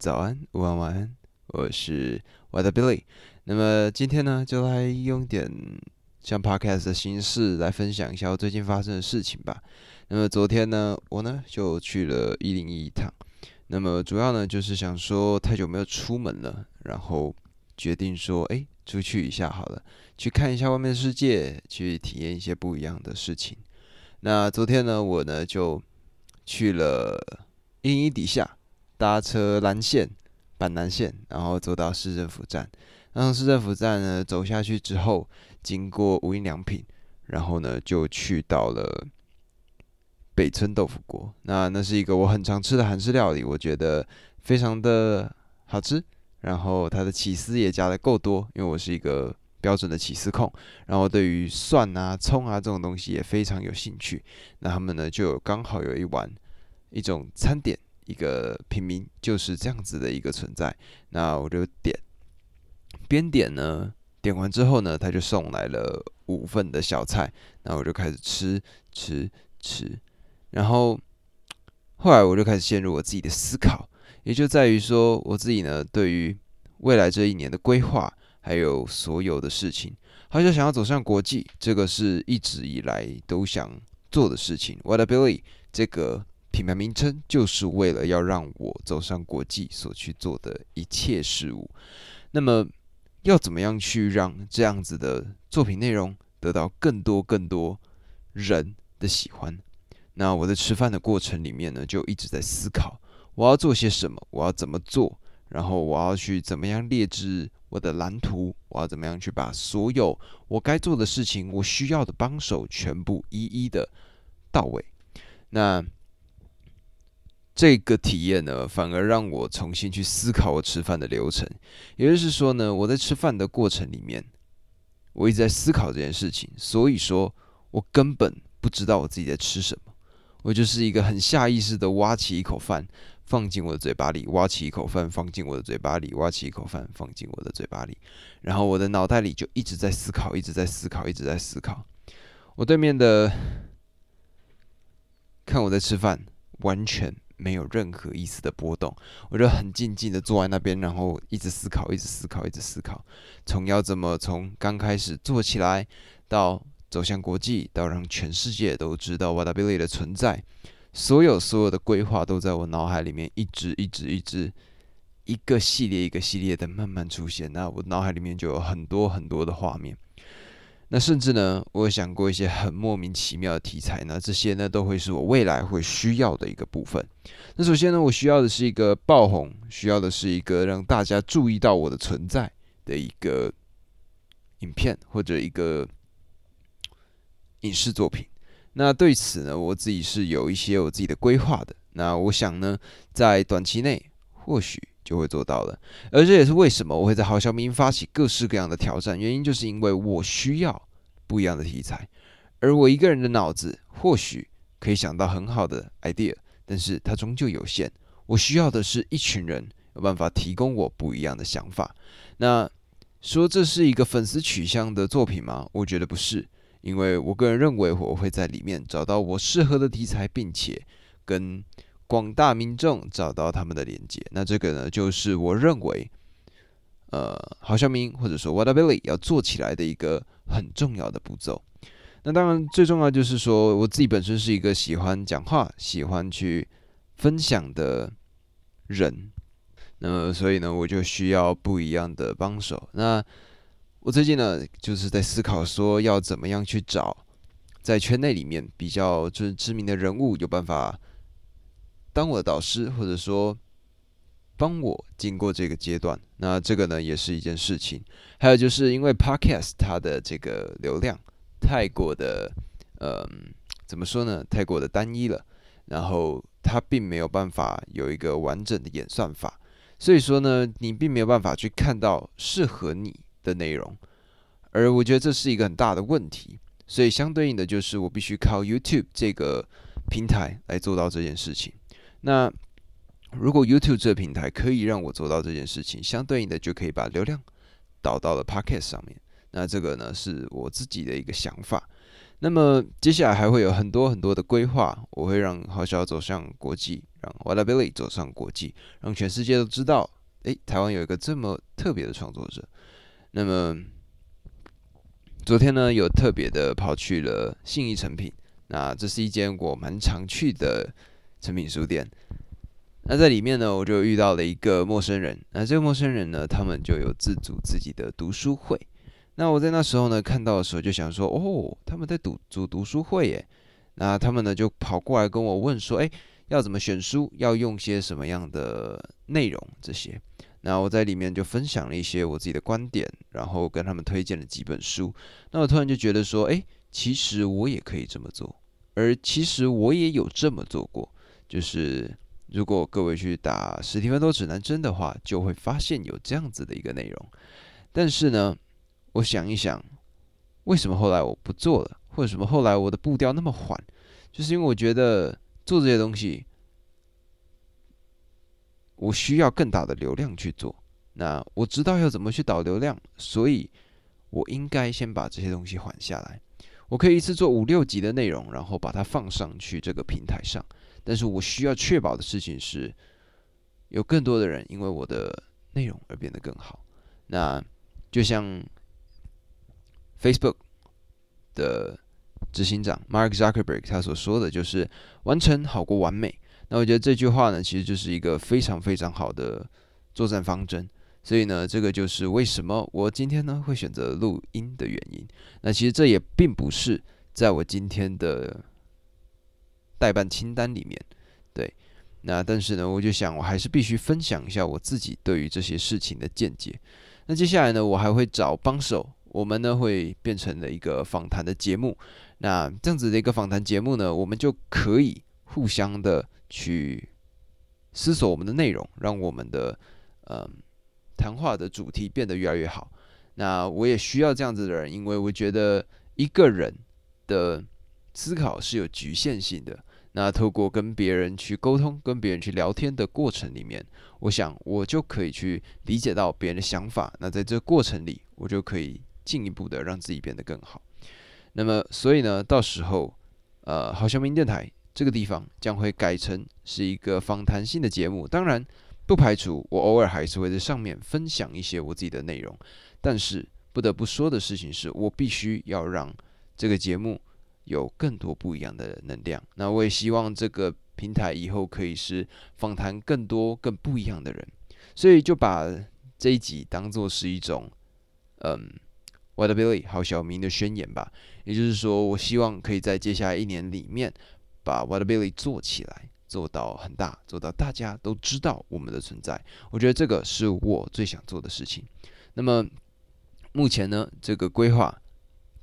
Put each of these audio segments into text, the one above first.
早安，午安，晚安，我是我的 Billy。那麼今天呢，就來用點像 Podcast 的形式來分享一下我最近發生的事情吧。那麼昨天呢，我呢就去了101一趟。那麼主要呢就是想說太久沒有出門了，然後決定說，哎，出去一下好了，去看一下外面的世界，去體驗一些不一樣的事情。那昨天呢，我呢就去了101底下。搭車藍線、板南線，然後走到市政府站。然後市政府站呢，走下去之後，經過無印良品，然後呢就去到了北村豆腐鍋。那那是一個我很常吃的韓式料理，我覺得非常的好吃。然後它的起司也加的夠多，因為我是一個標準的起司控。然後對於蒜啊、蔥啊這種東西也非常有興趣。那他們呢就剛好有一碗一種餐點。一個平民就是這樣子的一個存在。那我就點，邊點呢，點完之後呢，他就送來了五份的小菜。那我就開始吃吃吃。然後後來我就開始陷入我自己的思考，也就在於說我自己呢，對於未來這一年的規劃，還有所有的事情，好像想要走向國際，這個是一直以來都想做的事情。what ability，這個。品牌名稱就是為了要讓我走上國際所去做的一切事物。那麼，要怎麼樣去讓這樣子的作品內容得到更多更多人的喜歡？那我在吃飯的過程裡面呢，就一直在思考我要做些什麼，我要怎麼做，然後我要去怎麼樣列支我的藍圖，我要怎麼樣去把所有我該做的事情，我需要的幫手全部一一的到位。那。這個體驗呢，反而讓我重新去思考我吃飯的流程。也就是說呢，我在吃飯的過程裡面，我一直在思考這件事情，所以說，我根本不知道我自己在吃什麼。我就是一個很下意識的挖起一口飯放進我的嘴巴裡，挖起一口飯放進我的嘴巴裡，挖起一口飯放進我的嘴巴裡，然後我的腦袋裡就一直在思考，一直在思考，一直在思考。我對面的看我在吃飯，完全。沒有任何一絲的波動，我就很靜靜的坐在那邊，然後一直思考，一直思考，一直思考。從要怎麼從剛開始做起來，到走向國際，到讓全世界都知道 VW 的存在，所有所有的規劃都在我腦海裡面一直一直一直一個系列一個系列的慢慢出現。那我腦海裡面就有很多很多的畫面。那甚至呢，我有想過一些很莫名其妙的題材，那這些呢都會是我未來會需要的一個部分。那首先呢，我需要的是一個爆紅，需要的是一個讓大家注意到我的存在的一個影片或者一個影視作品。那對此呢，我自己是有一些我自己的規劃的。那我想呢，在短期內或許。就會做到了，而這也是為什麼我會在好笑民發起各式各樣的挑戰，原因就是因為我需要不一樣的題材，而我一個人的腦子或許可以想到很好的 idea，但是它終究有限。我需要的是一群人有辦法提供我不一樣的想法。那說這是一個粉絲取向的作品嗎？我覺得不是，因為我個人認為我會在裡面找到我適合的題材，並且跟。廣大民眾找到他們的連接，那這個呢，就是我認為，呃，郝笑明或者說 whatability 要做起來的一個很重要的步驟。那當然，最重要就是說，我自己本身是一個喜歡講話、喜歡去分享的人，那麼所以呢，我就需要不一樣的幫手。那我最近呢，就是在思考說，要怎麼樣去找在圈內裡面比較就是知名的人物，有辦法。當我的導師，或者說幫我經過這個階段，那這個呢也是一件事情。還有就是因為 Podcast 它的這個流量太過的，嗯，怎麼說呢？太過的單一了，然後它並沒有辦法有一個完整的演算法，所以說呢，你並沒有辦法去看到適合你的內容，而我覺得這是一個很大的問題。所以相對應的就是我必須靠 YouTube 這個平台來做到這件事情。那如果 YouTube 這個平台可以讓我做到這件事情，相對應的就可以把流量導到了 Podcast 上面。那這個呢是我自己的一個想法。那麼接下來還會有很多很多的規劃，我會讓好小走向國際，讓 Whatability 走上國際，讓全世界都知道，誒、欸，台灣有一個這麼特別的創作者。那麼昨天呢，有特別的跑去了信義誠品，那這是一間我蠻常去的誠品書店，那在裡面呢，我就遇到了一個陌生人。那這個陌生人呢，他們就有自組自己的讀書會。那我在那時候呢，看到的時候就想說，哦，他們在讀組讀書會耶。那他們呢，就跑過來跟我問說，哎、欸，要怎麼選書？要用些什麼樣的內容？這些。那我在裡面就分享了一些我自己的觀點，然後跟他們推薦了幾本書。那我突然就覺得說，哎、欸，其實我也可以這麼做，而其實我也有這麼做過。就是，如果各位去打史蒂芬多指南針的話，就會發現有這樣子的一個內容。但是呢，我想一想，為什麼後來我不做了，或者什麼後來我的步調那麼緩，就是因為我覺得做這些東西，我需要更大的流量去做。那我知道要怎麼去導流量，所以我應該先把這些東西緩下來。我可以一次做五六集的內容，然後把它放上去這個平台上。但是我需要確保的事情是，有更多的人因為我的內容而變得更好。那就像 Facebook 的執行長 Mark Zuckerberg 他所說的就是“完成好過完美”。那我覺得這句話呢，其實就是一個非常非常好的作戰方針。所以呢，這個就是為什麼我今天呢會選擇錄音的原因。那其實這也並不是在我今天的。代辦清單裡面，對，那但是呢，我就想，我還是必須分享一下我自己對於這些事情的見解。那接下來呢，我還會找幫手，我們呢會變成了一個訪談的節目。那這樣子的一個訪談節目呢，我們就可以互相的去思索我們的內容，讓我們的嗯談話的主題變得越來越好。那我也需要這樣子的人，因為我覺得一個人的思考是有局限性的。那透過跟別人去溝通、跟別人去聊天的過程裡面，我想我就可以去理解到別人的想法。那在這過程裡，我就可以進一步的讓自己變得更好。那麼，所以呢，到時候，呃，好，像民電台這個地方將會改成是一個訪談性的節目。當然，不排除我偶爾還是會在上面分享一些我自己的內容。但是，不得不說的事情是我必須要讓這個節目。有更多不一樣的能量，那我也希望這個平台以後可以是訪談更多更不一樣的人，所以就把這一集當做是一種，嗯，Whatability 郝小明的宣言吧。也就是說，我希望可以在接下來一年裡面把 Whatability 做起來，做到很大，做到大家都知道我們的存在。我覺得這個是我最想做的事情。那麼目前呢，這個規劃。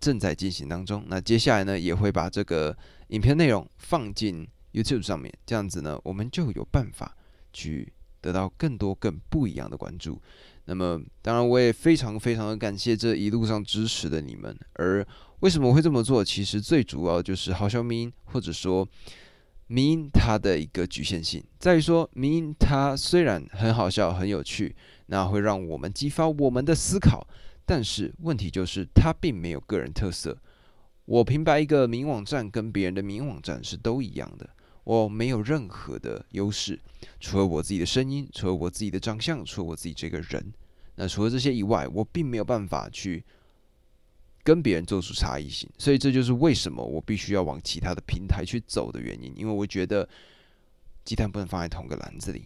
正在進行當中，那接下來呢，也會把這個影片內容放進 YouTube 上面，這樣子呢，我們就有辦法去得到更多、更不一樣的關注。那麼，當然我也非常、非常的感謝這一路上支持的你們。而為什麼我會這麼做？其實最主要就是好笑 mean 或者說 mean 它的一個侷限性在於說，mean 它雖然很好笑、很有趣，那會讓我們激發我們的思考。但是問題就是，它並沒有個人特色。我平白一個名網站，跟別人的名網站是都一樣的，我沒有任何的優勢，除了我自己的聲音，除了我自己的長相，除了我自己這個人。那除了這些以外，我並沒有辦法去跟別人做出差異性。所以這就是為什麼我必須要往其他的平台去走的原因。因為我覺得雞蛋不能放在同個籃子裡。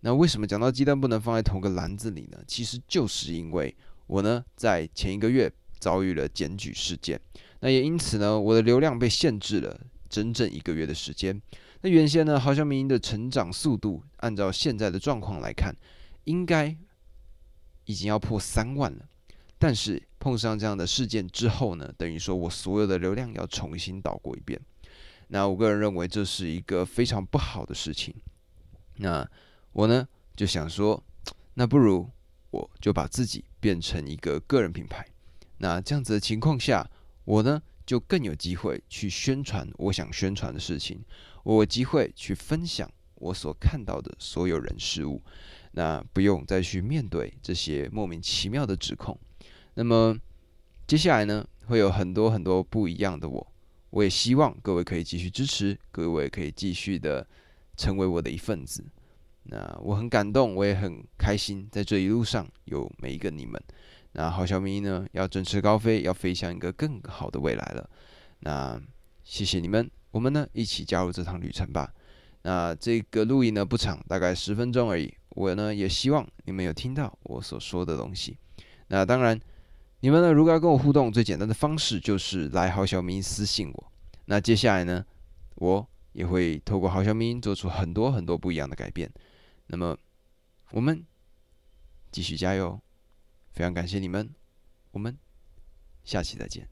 那為什麼講到雞蛋不能放在同個籃子裡呢？其實就是因為。我呢，在前一個月遭遇了檢舉事件，那也因此呢，我的流量被限制了整整一個月的時間。那原先呢，好像民營的成長速度，按照現在的狀況來看，應該已經要破三萬了。但是碰上這樣的事件之後呢，等於說我所有的流量要重新導過一遍。那我個人認為這是一個非常不好的事情。那我呢，就想說，那不如。我就把自己變成一個個人品牌，那這樣子的情況下，我呢就更有機會去宣傳我想宣傳的事情，我有機會去分享我所看到的所有人事物，那不用再去面對這些莫名其妙的指控。那麼接下來呢，會有很多很多不一樣的我，我也希望各位可以繼續支持，各位也可以繼續的成為我的一份子。那我很感動，我也很。開心，在這一路上有每一個你們。那好小明呢，要振翅高飛，要飛向一個更好的未來了。那謝謝你們，我們呢一起加入這趟旅程吧。那這個錄音呢不長，大概十分鐘而已。我呢也希望你們有聽到我所說的東西。那當然，你們呢如果要跟我互動，最簡單的方式就是來好小明私信我。那接下來呢，我也會透過好小明做出很多很多不一樣的改變。那麼我們。繼續加油，非常感謝你們，我們下期再見。